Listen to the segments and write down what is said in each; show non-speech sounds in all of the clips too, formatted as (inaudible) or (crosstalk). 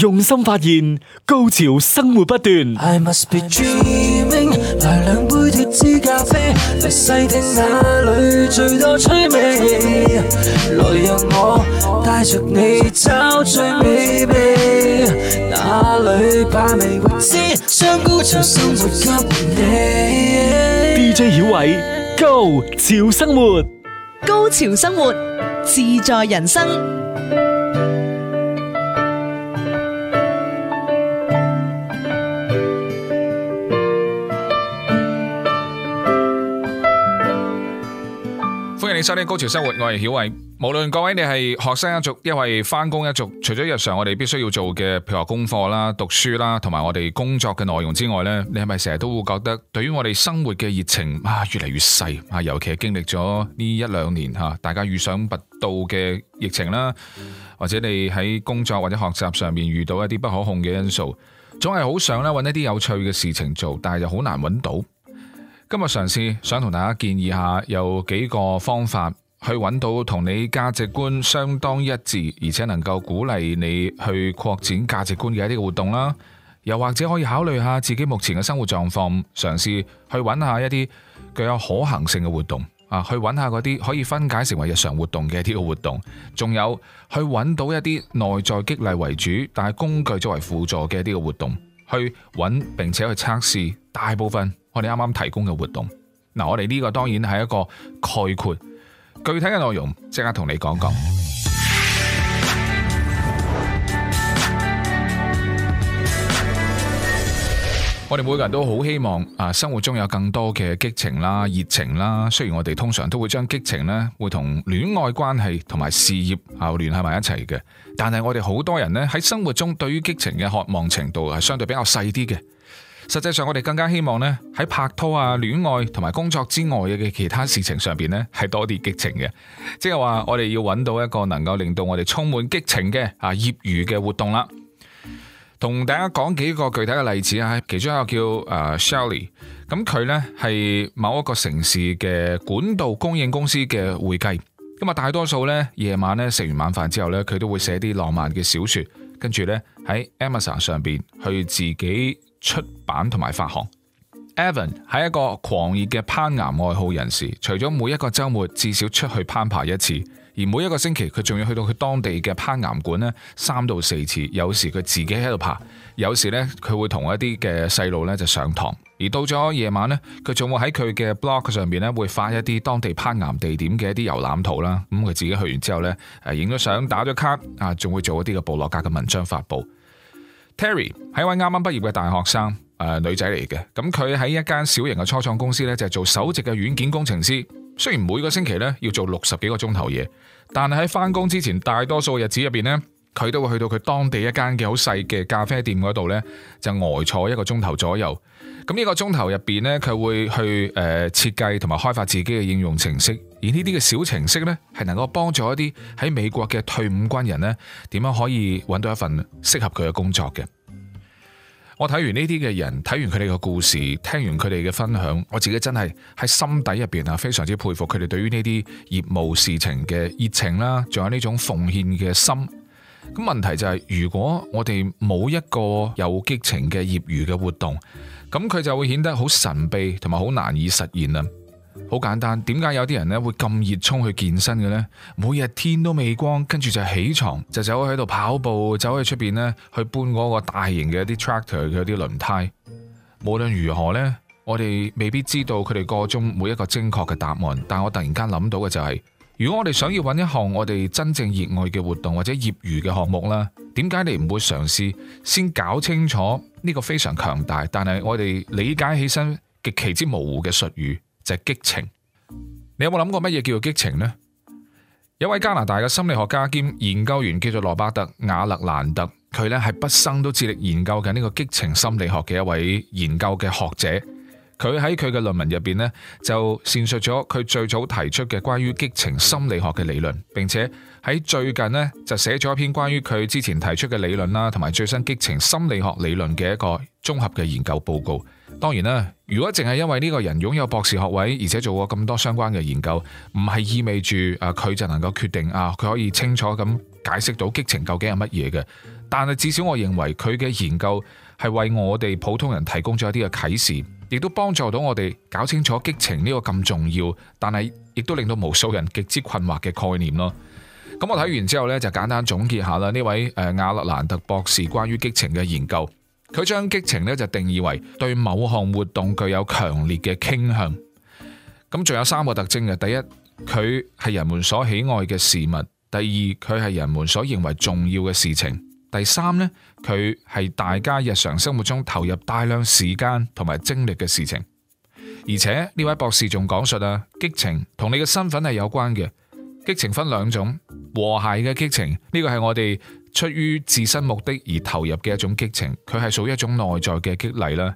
用心發現高潮生活不斷。來兩杯脫脂咖啡，來細聽那裏最多趣味。來讓我帶着你找最美秘，哪裏把味先將高潮生活給你。DJ 曉偉，Go! 潮生活，高潮生活自在人生。收聽高潮生活，我係曉慧。無論各位你係學生一族，因為翻工一族，除咗日常我哋必須要做嘅，譬如話功課啦、讀書啦，同埋我哋工作嘅內容之外咧，你係咪成日都會覺得，對於我哋生活嘅熱情啊，越嚟越細啊？尤其係經歷咗呢一兩年吓，大家預想不到嘅疫情啦，或者你喺工作或者學習上面遇到一啲不可控嘅因素，總係好想咧揾一啲有趣嘅事情做，但係又好難揾到。今日嘗試想同大家建議下，有幾個方法去揾到同你價值觀相當一致，而且能夠鼓勵你去擴展價值觀嘅一啲活動啦。又或者可以考慮下自己目前嘅生活狀況，嘗試去揾下一啲具有可行性嘅活動啊，去揾下嗰啲可以分解成為日常活動嘅一啲活動。仲有去揾到一啲內在激勵為主，但係工具作為輔助嘅一啲活動，去揾並且去測試大部分，我哋啱啱提供嘅活動，嗱，我哋呢個當然係一個概括，具體嘅內容即刻同你講講。 (music) 我哋每個人都好希望啊，生活中有更多嘅激情啦、熱情啦。雖然我哋通常都會將激情呢會同戀愛關係同埋事業啊聯繫埋一齊嘅，但係我哋好多人呢喺生活中對於激情嘅渴望程度係相對比較細啲嘅。實際上，我哋更加希望咧喺拍拖啊、戀愛同埋工作之外嘅其他事情上面咧，係多啲激情嘅，即係話我哋要揾到一個能夠令到我哋充滿激情嘅啊，業餘嘅活動啦。同大家講幾個具體嘅例子啊，其中一個叫 Shelly，咁佢呢係某一個城市嘅管道供應公司嘅會計，咁啊大多數呢，夜晚呢，食完晚飯之後呢，佢都會寫啲浪漫嘅小説，跟住呢，喺 Amazon 上面去自己出版同埋發行。Evan 係一個狂熱嘅攀岩愛好人士，除咗每一個週末至少出去攀爬一次，而每一個星期佢仲要去到佢當地嘅攀岩館呢三到四次。有時佢自己喺度爬，有時呢佢會同一啲嘅細路呢就上堂。而到咗夜晚呢，佢仲會喺佢嘅 blog 上面呢會發一啲當地攀岩地點嘅一啲遊覽圖啦。咁佢自己去完之後呢，影咗相打咗卡啊，仲會做一啲嘅部落格嘅文章發布。Terry 係一位啱啱畢業嘅大學生，誒、呃、女仔嚟嘅。咁佢喺一間小型嘅初創公司呢，就係、做首席嘅軟件工程師。雖然每個星期呢要做六十幾個鐘頭嘢，但係喺返工之前，大多數日子入邊呢，佢都會去到佢當地一間嘅好細嘅咖啡店嗰度呢，就呆坐一個鐘頭左右。咁、這、呢個鐘頭入邊呢，佢會去誒、呃、設計同埋開發自己嘅應用程式。而呢啲嘅小程式呢，係能夠幫助一啲喺美國嘅退伍軍人呢，點樣可以揾到一份適合佢嘅工作嘅。我睇完呢啲嘅人，睇完佢哋嘅故事，聽完佢哋嘅分享，我自己真係喺心底入邊啊，非常之佩服佢哋對於呢啲業務事情嘅熱情啦，仲有呢種奉獻嘅心。咁問題就係，如果我哋冇一個有激情嘅業餘嘅活動，咁佢就會顯得好神秘同埋好難以實現啊。好簡單，點解有啲人咧，會咁熱衷去健身嘅呢？每日天都未光，跟住就起床就走喺度跑步，走去出邊呢，去搬嗰個大型嘅一啲 tractor 嘅啲輪胎。無論如何呢，我哋未必知道佢哋個中每一個精確嘅答案。但我突然間諗到嘅就係，如果我哋想要搵一項我哋真正熱愛嘅活動或者業餘嘅項目啦，點解你唔會嘗試先搞清楚呢個非常強大但係我哋理解起身極其之模糊嘅術語？就係、是、激情，你有冇諗過乜嘢叫做激情呢？有位加拿大嘅心理學家兼研究員叫做羅伯特瓦勒蘭特，佢呢係畢生都致力研究緊呢個激情心理學嘅一位研究嘅學者。佢喺佢嘅論文入邊呢，就闡述咗佢最早提出嘅關於激情心理學嘅理論，並且喺最近呢，就寫咗一篇關於佢之前提出嘅理論啦，同埋最新激情心理學理論嘅一個綜合嘅研究報告。當然啦。如果淨係因為呢個人擁有博士學位，而且做過咁多相關嘅研究，唔係意味住啊佢就能夠決定啊佢可以清楚咁解釋到激情究竟係乜嘢嘅？但係至少我認為佢嘅研究係為我哋普通人提供咗一啲嘅啟示，亦都幫助到我哋搞清楚激情呢個咁重要，但係亦都令到無數人極之困惑嘅概念咯。咁我睇完之後呢，就簡單總結下啦，呢位誒亞勒蘭特博士關於激情嘅研究。佢將激情咧就定義為對某項活動具有強烈嘅傾向。咁仲有三個特徵嘅，第一，佢係人們所喜愛嘅事物；第二，佢係人們所認為重要嘅事情；第三咧，佢係大家日常生活中投入大量時間同埋精力嘅事情。而且呢位博士仲講述啊，激情同你嘅身份係有關嘅。激情分兩種，和諧嘅激情呢個係我哋。出於自身目的而投入嘅一種激情，佢係屬於一種內在嘅激勵啦。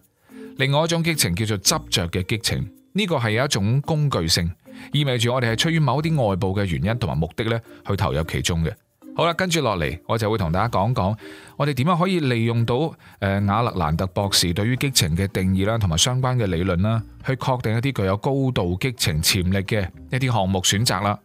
另外一種激情叫做執着嘅激情，呢個係有一種工具性，意味住我哋係出於某啲外部嘅原因同埋目的咧去投入其中嘅。好啦，跟住落嚟，我就會同大家講講我哋點樣可以利用到誒亞勒蘭特博士對於激情嘅定義啦，同埋相關嘅理論啦，去確定一啲具有高度激情潛力嘅一啲項目選擇啦。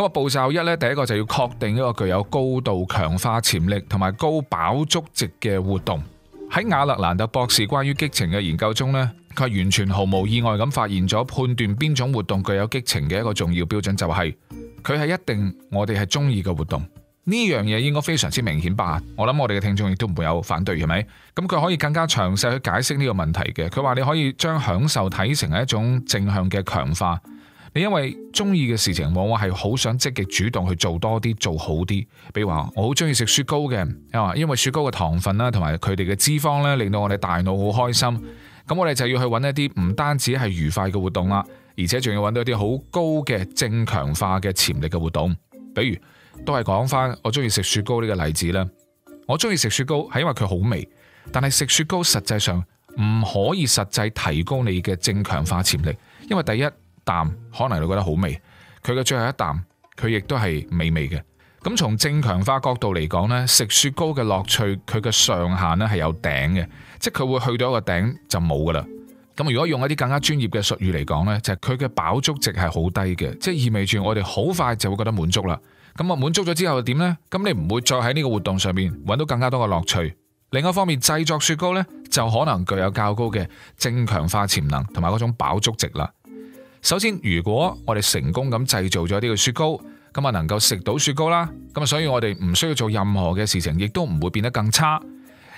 咁啊，步驟一咧，第一個就要確定一個具有高度強化潛力同埋高飽足值嘅活動。喺亞勒蘭特博士關於激情嘅研究中呢，佢完全毫無意外咁發現咗，判斷邊種活動具有激情嘅一個重要標準就係佢係一定我哋係中意嘅活動。呢樣嘢應該非常之明顯吧？我諗我哋嘅聽眾亦都唔會有反對，係咪？咁佢可以更加詳細去解釋呢個問題嘅。佢話你可以將享受睇成係一種正向嘅強化。你因為中意嘅事情，往往係好想積極主動去做多啲，做好啲。比如話我好中意食雪糕嘅。啊，因為雪糕嘅糖分啦，同埋佢哋嘅脂肪咧，令到我哋大腦好開心。咁我哋就要去揾一啲唔單止係愉快嘅活動啦，而且仲要揾到一啲好高嘅正強化嘅潛力嘅活動。比如都係講翻我中意食雪糕呢個例子啦。我中意食雪糕係因為佢好味，但係食雪糕實際上唔可以實際提高你嘅正強化潛力，因為第一。啖可能你覺得好味，佢嘅最後一啖佢亦都係美味嘅。咁從正強化角度嚟講呢，食雪糕嘅樂趣佢嘅上限呢係有頂嘅，即係佢會去到一個頂就冇噶啦。咁如果用一啲更加專業嘅術語嚟講呢，就係佢嘅飽足值係好低嘅，即係意味住我哋好快就會覺得滿足啦。咁啊滿足咗之後又點呢？咁你唔會再喺呢個活動上面搵到更加多嘅樂趣。另一方面，製作雪糕呢，就可能具有較高嘅正強化潛能同埋嗰種飽足值啦。首先，如果我哋成功咁製造咗呢個雪糕，咁啊能夠食到雪糕啦，咁啊所以我哋唔需要做任何嘅事情，亦都唔會變得更差。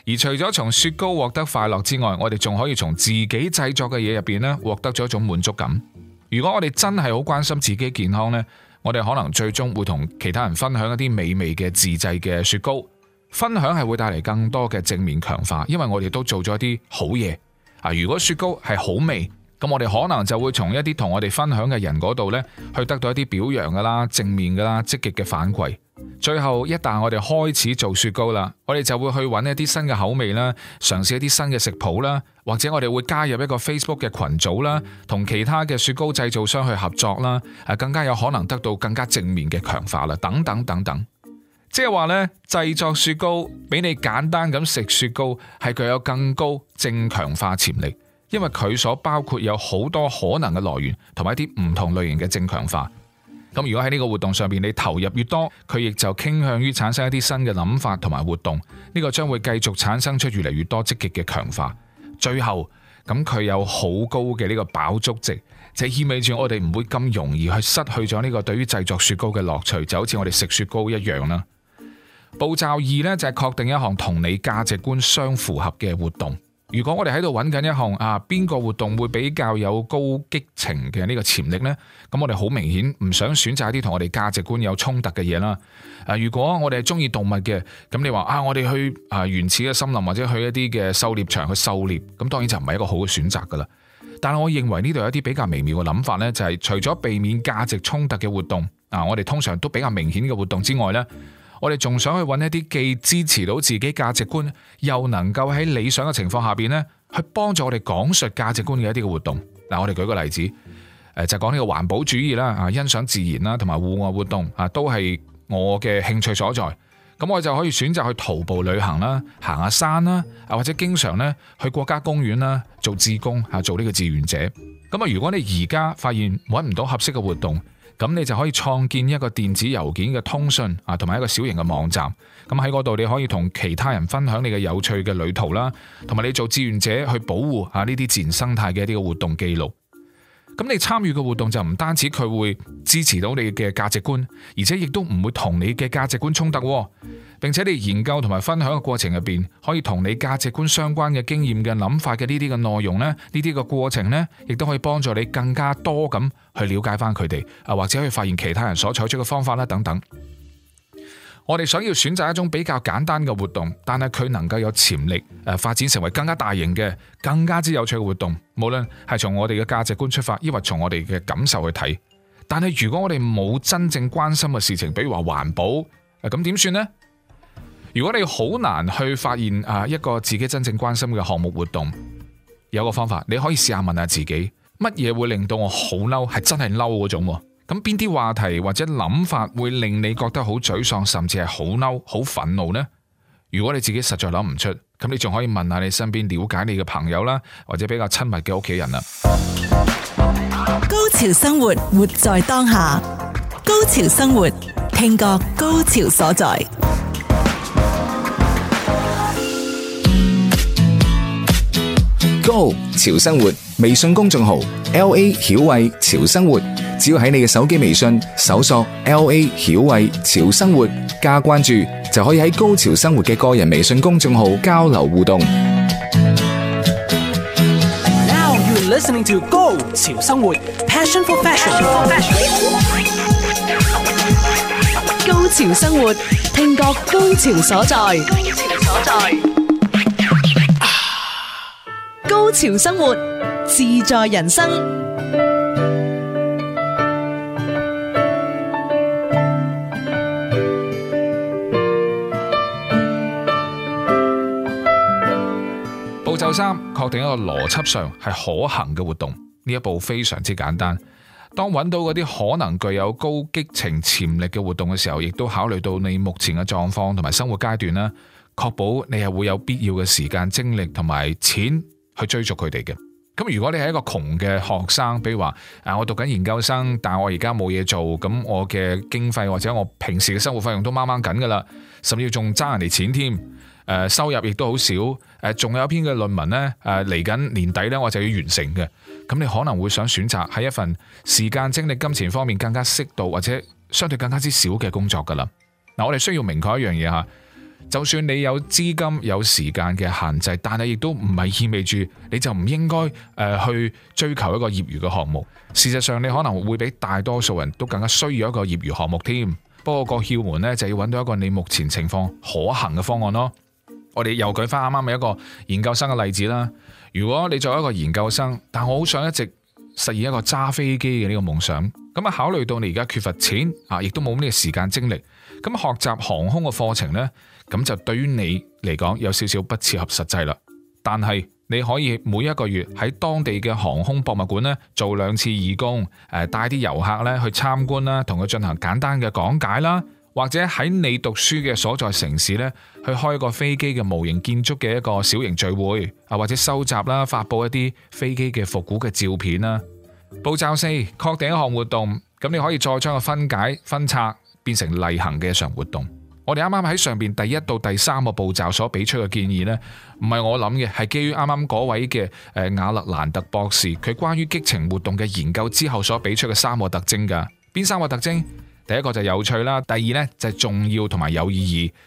而除咗從雪糕獲得快樂之外，我哋仲可以從自己製作嘅嘢入邊咧獲得咗一種滿足感。如果我哋真係好關心自己健康呢，我哋可能最終會同其他人分享一啲美味嘅自製嘅雪糕。分享係會帶嚟更多嘅正面強化，因為我哋都做咗一啲好嘢。啊，如果雪糕係好味。咁我哋可能就會從一啲同我哋分享嘅人嗰度呢，去得到一啲表揚噶啦、正面噶啦、積極嘅反饋。最後，一旦我哋開始做雪糕啦，我哋就會去揾一啲新嘅口味啦，嘗試一啲新嘅食譜啦，或者我哋會加入一個 Facebook 嘅群組啦，同其他嘅雪糕製造商去合作啦，啊，更加有可能得到更加正面嘅強化啦，等等等等。即係話呢，製作雪糕比你簡單咁食雪糕，係具有更高正強化潛力。因為佢所包括有好多可能嘅來源，同埋一啲唔同類型嘅正強化。咁如果喺呢個活動上邊，你投入越多，佢亦就傾向於產生一啲新嘅諗法同埋活動。呢個將會繼續產生出越嚟越多積極嘅強化。最後，咁佢有好高嘅呢個飽足值，就意味住我哋唔會咁容易去失去咗呢個對於製作雪糕嘅樂趣，就好似我哋食雪糕一樣啦。步驟二呢，就係確定一項同你價值觀相符合嘅活動。如果我哋喺度揾緊一項啊，邊個活動會比較有高激情嘅呢個潛力呢，咁我哋好明顯唔想選擇一啲同我哋價值觀有衝突嘅嘢啦。啊，如果我哋係中意動物嘅，咁你話啊，我哋去啊原始嘅森林或者去一啲嘅狩獵場去狩獵，咁當然就唔係一個好嘅選擇噶啦。但係我認為呢度有一啲比較微妙嘅諗法呢，就係除咗避免價值衝突嘅活動啊，我哋通常都比較明顯嘅活動之外呢。我哋仲想去揾一啲既支持到自己價值觀，又能夠喺理想嘅情況下邊呢，去幫助我哋講述價值觀嘅一啲嘅活動。嗱，我哋舉個例子，誒就講呢個環保主義啦，啊欣賞自然啦，同埋戶外活動啊，都係我嘅興趣所在。咁我就可以選擇去徒步旅行啦，行下山啦，啊或者經常呢，去國家公園啦做志工啊，做呢個志願者。咁啊，如果你而家發現揾唔到合適嘅活動。咁你就可以創建一個電子郵件嘅通訊啊，同埋一個小型嘅網站。咁喺嗰度你可以同其他人分享你嘅有趣嘅旅途啦，啊，同埋你做志願者去保護啊呢啲自然生態嘅一啲嘅活動記錄。咁你參與嘅活動就唔單止佢會支持到你嘅價值觀，而且亦都唔會同你嘅價值觀衝突，並且你研究同埋分享嘅過程入邊，可以同你價值觀相關嘅經驗嘅諗法嘅呢啲嘅內容呢，呢啲嘅過程呢，亦都可以幫助你更加多咁去了解翻佢哋啊，或者可以發現其他人所採取嘅方法啦，等等。我哋想要選擇一種比較簡單嘅活動，但係佢能夠有潛力誒發展成為更加大型嘅、更加之有趣嘅活動。無論係從我哋嘅價值觀出發，抑或從我哋嘅感受去睇。但係如果我哋冇真正關心嘅事情，比如話環保，誒咁點算呢？如果你好難去發現誒一個自己真正關心嘅項目活動，有個方法你可以試下問下自己，乜嘢會令到我好嬲，係真係嬲嗰種。咁邊啲話題或者諗法會令你覺得好沮喪，甚至係好嬲，好憤怒呢？如果你自己實在諗唔出，咁你仲可以問下你身邊了解你嘅朋友啦，或者比較親密嘅屋企人啦。高潮生活，活在當下。高潮生活，聽覺高潮所在。高潮生活。微信公眾號 L A 曉慧潮生活，只要喺你嘅手機微信搜索 L A 曉慧潮生活加關注，就可以喺高潮生活嘅個人微信公眾號交流互動。Now you are listening to 高潮生活，passion for fashion。高潮生活，聽覺高潮所在。高潮所在。高潮生活。自在人生。步驟三，確定一個邏輯上係可行嘅活動。呢一步非常之簡單。當揾到嗰啲可能具有高激情潛力嘅活動嘅時候，亦都考慮到你目前嘅狀況同埋生活階段啦，確保你係會有必要嘅時間、精力同埋錢去追逐佢哋嘅。咁如果你係一個窮嘅學生，比如話誒我讀緊研究生，但係我而家冇嘢做，咁我嘅經費或者我平時嘅生活費用都掹掹緊噶啦，甚至仲爭人哋錢添，誒收入亦都好少，誒仲有一篇嘅論文呢，誒嚟緊年底呢，我就要完成嘅，咁你可能會想選擇喺一份時間、精力、金錢方面更加適度或者相對更加之少嘅工作噶啦，嗱我哋需要明確一樣嘢吓。就算你有資金有時間嘅限制，但係亦都唔係意味住你就唔應該誒、呃、去追求一個業餘嘅項目。事實上，你可能會比大多數人都更加需要一個業餘項目添。不過個竅門呢，就要揾到一個你目前情況可行嘅方案咯。我哋又舉翻啱啱嘅一個研究生嘅例子啦。如果你作為一個研究生，但我好想一直實現一個揸飛機嘅呢個夢想，咁啊，考慮到你而家缺乏錢啊，亦都冇咩時間精力，咁學習航空嘅課程呢，咁就對於你嚟講有少少不切合實際啦，但係你可以每一個月喺當地嘅航空博物館呢做兩次義工，呃，誒，帶啲遊客呢去參觀啦，同佢進行簡單嘅講解啦，或者喺你讀書嘅所在城市呢去開個飛機嘅模型建築嘅一個小型聚會啊，或者收集啦發佈一啲飛機嘅復古嘅照片啦。步驟四，確定一項活動，咁你可以再將佢分解分拆，變成例行嘅日常活動。我哋啱啱喺上邊第一到第三個步驟所俾出嘅建議呢，唔係我諗嘅，係基於啱啱嗰位嘅誒亞勒蘭特博士佢關於激情活動嘅研究之後所俾出嘅三個特徵噶。邊三個特徵？第一個就係有趣啦，第二呢就係重要同埋有意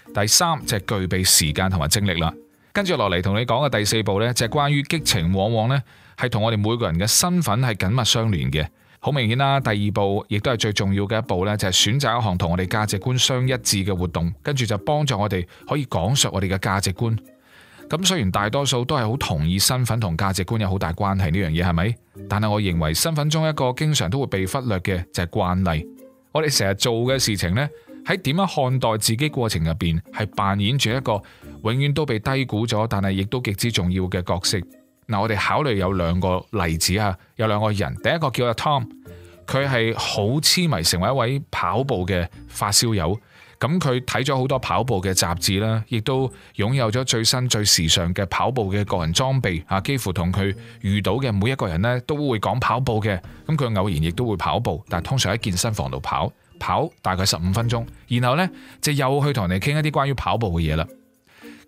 義，第三就係具備時間同埋精力啦。跟住落嚟同你講嘅第四步呢，就係關於激情往往呢係同我哋每個人嘅身份係緊密相連嘅。好明顯啦，第二步亦都係最重要嘅一步咧，就係選擇一項同我哋價值觀相一致嘅活動，跟住就幫助我哋可以講述我哋嘅價值觀。咁雖然大多數都係好同意身份同價值觀有好大關係呢樣嘢，係咪？但係我認為身份中一個經常都會被忽略嘅就係慣例。我哋成日做嘅事情呢，喺點樣看待自己過程入邊，係扮演住一個永遠都被低估咗，但係亦都極之重要嘅角色。嗱，我哋考慮有兩個例子啊，有兩個人。第一個叫阿 Tom，佢係好痴迷成為一位跑步嘅發燒友。咁佢睇咗好多跑步嘅雜誌啦，亦都擁有咗最新最時尚嘅跑步嘅個人裝備啊。幾乎同佢遇到嘅每一個人呢都會講跑步嘅。咁佢偶然亦都會跑步，但係通常喺健身房度跑，跑大概十五分鐘。然後呢，就又去同人哋傾一啲關於跑步嘅嘢啦。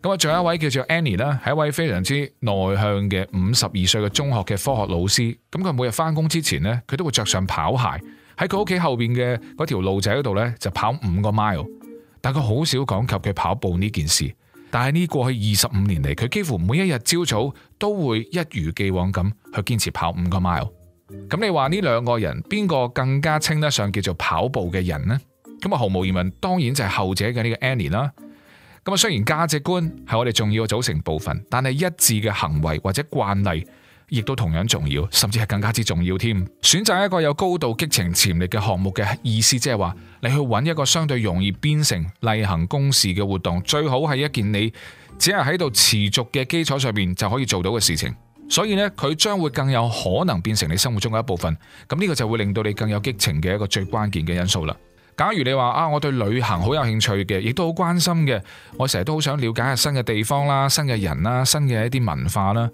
咁啊，仲有一位叫做 Annie 啦，係一位非常之內向嘅五十二歲嘅中學嘅科學老師。咁佢每日翻工之前呢，佢都會着上跑鞋，喺佢屋企後邊嘅嗰條路仔嗰度呢，就跑五個 mile。但佢好少講及佢跑步呢件事。但係呢，過去二十五年嚟，佢幾乎每一日朝早都會一如既往咁去堅持跑五個 mile。咁你話呢兩個人邊個更加稱得上叫做跑步嘅人呢？咁啊，毫無疑問，當然就係後者嘅呢個 Annie 啦。咁啊，雖然價值觀係我哋重要嘅組成部分，但係一致嘅行為或者慣例，亦都同樣重要，甚至係更加之重要添。選擇一個有高度激情潛力嘅項目嘅意思就是說，即係話你去揾一個相對容易編成例行公事嘅活動，最好係一件你只係喺度持續嘅基礎上面就可以做到嘅事情。所以咧，佢將會更有可能變成你生活中嘅一部分。咁呢個就會令到你更有激情嘅一個最關鍵嘅因素啦。假如你話啊，我對旅行好有興趣嘅，亦都好關心嘅，我成日都好想了解下新嘅地方啦、新嘅人啦、新嘅一啲文化啦。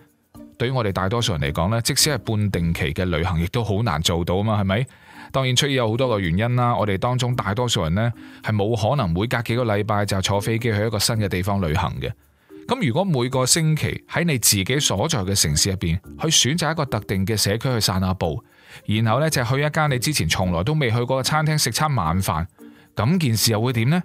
對於我哋大多數人嚟講呢，即使係半定期嘅旅行，亦都好難做到啊嘛，係咪？當然出現有好多個原因啦。我哋當中大多數人呢，係冇可能每隔幾個禮拜就坐飛機去一個新嘅地方旅行嘅。咁如果每個星期喺你自己所在嘅城市入面，去選擇一個特定嘅社區去散下步。然後咧，就去一間你之前從來都未去過嘅餐廳食餐晚飯，咁件事又會點呢？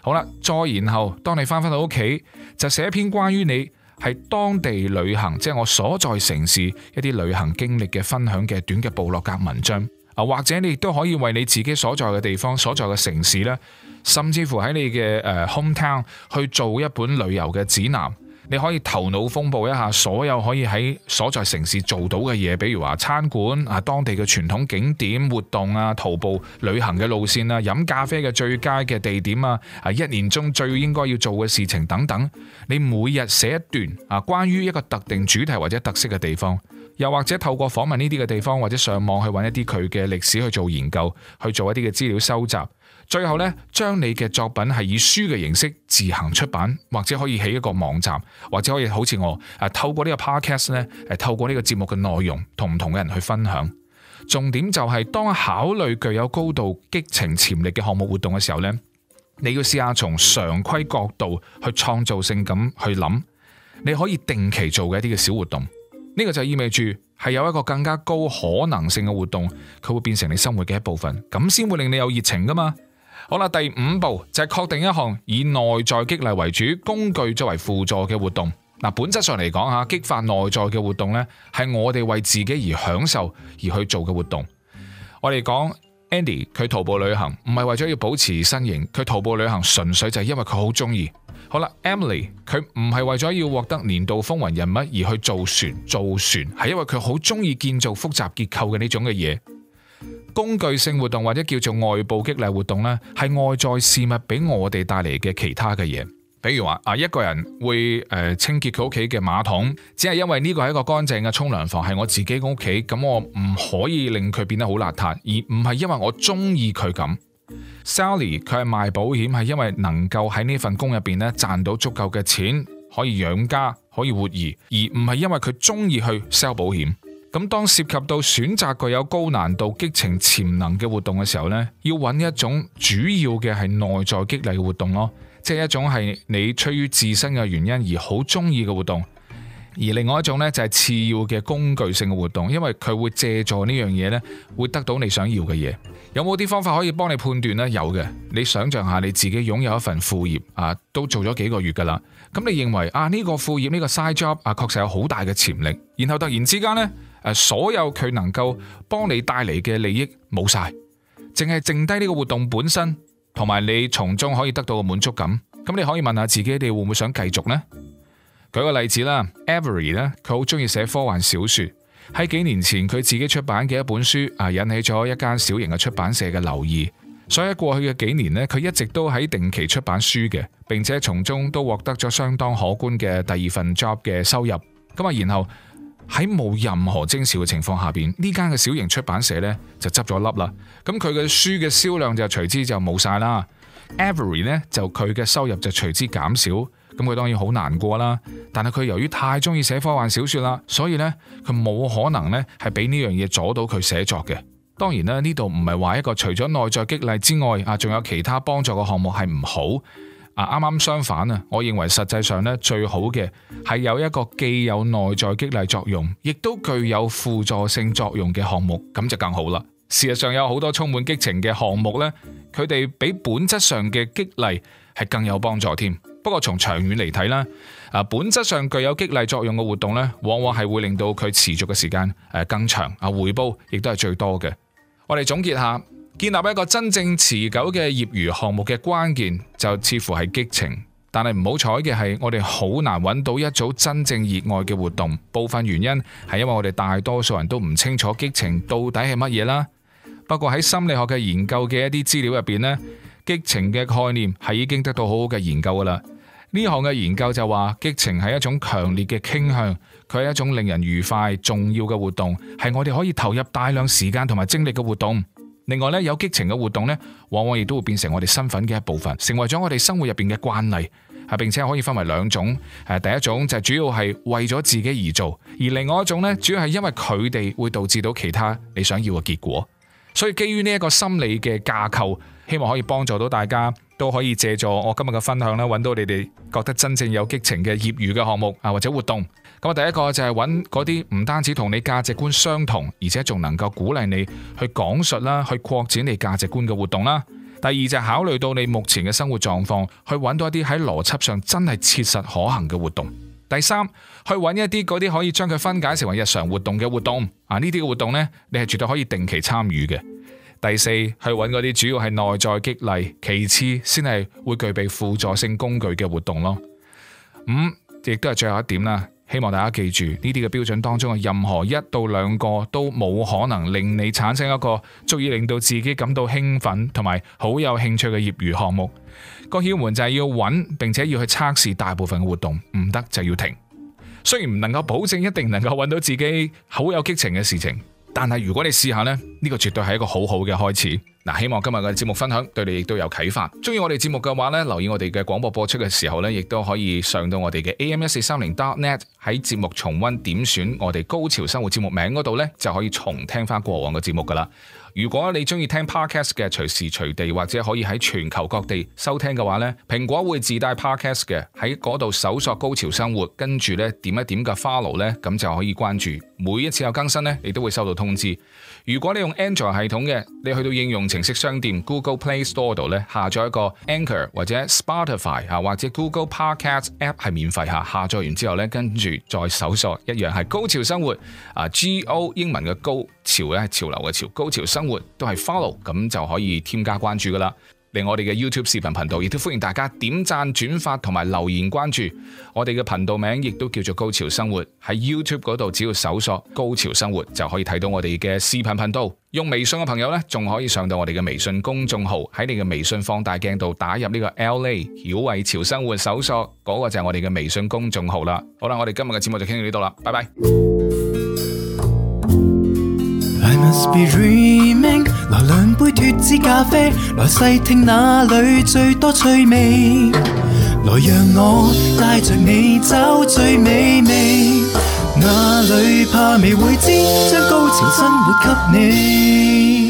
好啦，再然後當你翻返到屋企，就寫一篇關於你係當地旅行，即係我所在城市一啲旅行經歷嘅分享嘅短嘅部落格文章啊，或者你亦都可以為你自己所在嘅地方、所在嘅城市呢，甚至乎喺你嘅誒、uh, hometown 去做一本旅遊嘅指南。你可以頭腦風暴一下所有可以喺所在城市做到嘅嘢，比如話餐館啊、當地嘅傳統景點活動啊、徒步旅行嘅路線啦、飲咖啡嘅最佳嘅地點啊、啊一年中最應該要做嘅事情等等。你每日寫一段啊，關於一個特定主題或者特色嘅地方。又或者透過訪問呢啲嘅地方，或者上網去揾一啲佢嘅歷史去做研究，去做一啲嘅資料收集，最後呢，將你嘅作品係以書嘅形式自行出版，或者可以起一個網站，或者可以好似我啊透過呢個 podcast 呢，透過呢個節目嘅內容同唔同嘅人去分享。重點就係當考慮具有高度激情潛力嘅項目活動嘅時候呢，你要試下從常規角度去創造性咁去諗，你可以定期做嘅一啲嘅小活動。呢個就意味住係有一個更加高可能性嘅活動，佢會變成你生活嘅一部分，咁先會令你有熱情噶嘛。好啦，第五步就係確定一項以內在激勵為主、工具作為輔助嘅活動。嗱，本質上嚟講吓，激發內在嘅活動呢係我哋為自己而享受而去做嘅活動。我哋講。Andy 佢徒步旅行唔係為咗要保持身形，佢徒步旅行純粹就係因為佢好中意。好啦，Emily 佢唔係為咗要獲得年度風雲人物而去造船，造船，係因為佢好中意建造複雜結構嘅呢種嘅嘢。工具性活動或者叫做外部激勵活動呢，係外在事物俾我哋帶嚟嘅其他嘅嘢。比如話啊，一個人會誒、呃、清潔佢屋企嘅馬桶，只係因為呢個係一個乾淨嘅沖涼房，係我自己屋企，咁我唔可以令佢變得好邋遢，而唔係因為我中意佢咁。Sally 佢係賣保險，係因為能夠喺呢份工入邊咧賺到足夠嘅錢，可以養家，可以活兒，而唔係因為佢中意去 sell 保險。咁當涉及到選擇具有高難度、激情、潛能嘅活動嘅時候呢，要揾一種主要嘅係內在激勵嘅活動咯。即係一種係你出於自身嘅原因而好中意嘅活動，而另外一種呢，就係次要嘅工具性嘅活動，因為佢會借助呢樣嘢呢，會得到你想要嘅嘢。有冇啲方法可以幫你判斷呢？有嘅，你想象一下你自己擁有一份副業啊，都做咗幾個月噶啦。咁你認為啊呢個副業呢個 side job 啊確實有好大嘅潛力，然後突然之間呢，誒、啊、所有佢能夠幫你帶嚟嘅利益冇晒，淨係剩低呢個活動本身。同埋你從中可以得到嘅滿足感，咁你可以問下自己，你會唔會想繼續呢？舉個例子啦，Avery 咧，佢好中意寫科幻小說。喺幾年前，佢自己出版嘅一本書啊，引起咗一間小型嘅出版社嘅留意。所以喺過去嘅幾年呢，佢一直都喺定期出版書嘅，並且從中都獲得咗相當可觀嘅第二份 job 嘅收入。咁啊，然後。喺冇任何徵兆嘅情況下邊，呢間嘅小型出版社呢就執咗笠啦。咁佢嘅書嘅銷量就隨之就冇晒啦。Evelyn 呢就佢嘅收入就隨之減少。咁佢當然好難過啦。但係佢由於太中意寫科幻小説啦，所以呢，佢冇可能呢係俾呢樣嘢阻到佢寫作嘅。當然啦，呢度唔係話一個除咗內在激勵之外啊，仲有其他幫助嘅項目係唔好。啊，啱啱相反啊！我認為實際上咧，最好嘅係有一個既有內在激勵作用，亦都具有輔助性作用嘅項目，咁就更好啦。事實上有好多充滿激情嘅項目咧，佢哋比本質上嘅激勵係更有幫助添。不過從長遠嚟睇啦，啊本質上具有激勵作用嘅活動咧，往往係會令到佢持續嘅時間誒更長，啊回報亦都係最多嘅。我哋總結下。建立一個真正持久嘅業餘項目嘅關鍵，就似乎係激情，但係唔好彩嘅係，我哋好難揾到一組真正熱愛嘅活動。部分原因係因為我哋大多數人都唔清楚激情到底係乜嘢啦。不過喺心理學嘅研究嘅一啲資料入邊呢，激情嘅概念係已經得到好好嘅研究噶啦。呢項嘅研究就話，激情係一種強烈嘅傾向，佢係一種令人愉快、重要嘅活動，係我哋可以投入大量時間同埋精力嘅活動。另外咧，有激情嘅活動呢往往亦都會變成我哋身份嘅一部分，成為咗我哋生活入邊嘅慣例啊，並且可以分為兩種誒，第一種就係主要係為咗自己而做，而另外一種呢，主要係因為佢哋會導致到其他你想要嘅結果。所以基於呢一個心理嘅架構，希望可以幫助到大家都可以借助我今日嘅分享啦，揾到你哋覺得真正有激情嘅業餘嘅項目啊或者活動。咁第一個就係揾嗰啲唔單止同你價值觀相同，而且仲能夠鼓勵你去講述啦，去擴展你價值觀嘅活動啦。第二就係考慮到你目前嘅生活狀況，去揾到一啲喺邏輯上真係切實可行嘅活動。第三，去揾一啲嗰啲可以將佢分解成為日常活動嘅活動啊，呢啲活動呢，你係絕對可以定期參與嘅。第四，去揾嗰啲主要係內在激勵，其次先係會具備輔助性工具嘅活動咯。五，亦都係最後一點啦。希望大家記住呢啲嘅標準當中嘅任何一到兩個都冇可能令你產生一個足以令到自己感到興奮同埋好有興趣嘅業餘項目。個竅門就係要揾並且要去測試大部分嘅活動，唔得就要停。雖然唔能夠保證一定能夠揾到自己好有激情嘅事情，但係如果你試下呢，呢個絕對係一個好好嘅開始。嗱，希望今日嘅節目分享對你亦都有啟發。中意我哋節目嘅話咧，留意我哋嘅廣播播出嘅時候咧，亦都可以上到我哋嘅 am 一四三零 dot net 喺節目重溫點選我哋高潮生活節目名嗰度咧，就可以重聽翻過往嘅節目噶啦。如果你中意聽 podcast 嘅，隨時隨地或者可以喺全球各地收聽嘅話咧，蘋果會自帶 podcast 嘅，喺嗰度搜索高潮生活，跟住咧點一點嘅 follow 咧，咁就可以關注，每一次有更新咧，你都會收到通知。如果你用 Android 系統嘅，你去到應用程式商店 Google Play Store 度咧，下載一個 Anchor 或者 Spotify 嚇或者 Google Podcast App 係免費嚇，下載完之後咧，跟住再搜索一樣係高潮生活啊，G O 英文嘅高潮咧，潮流嘅潮，高潮生活都係 follow，咁就可以添加關注㗎喇。嚟我哋嘅 YouTube 視頻頻道，亦都歡迎大家點讚、轉發同埋留言關注我哋嘅頻道名，亦都叫做《高潮生活》。喺 YouTube 嗰度只要搜索《高潮生活》就可以睇到我哋嘅視頻頻道。用微信嘅朋友呢，仲可以上到我哋嘅微信公眾號。喺你嘅微信放大鏡度打入呢個 L A 曉偉潮生活搜索，嗰個就係我哋嘅微信公眾號啦。好啦，我哋今日嘅節目就傾到呢度啦，拜拜。來兩杯脫脂咖啡，來細聽哪裏最多趣味。來讓我帶着你找最美味，哪裏怕未會知，將高潮生活給你。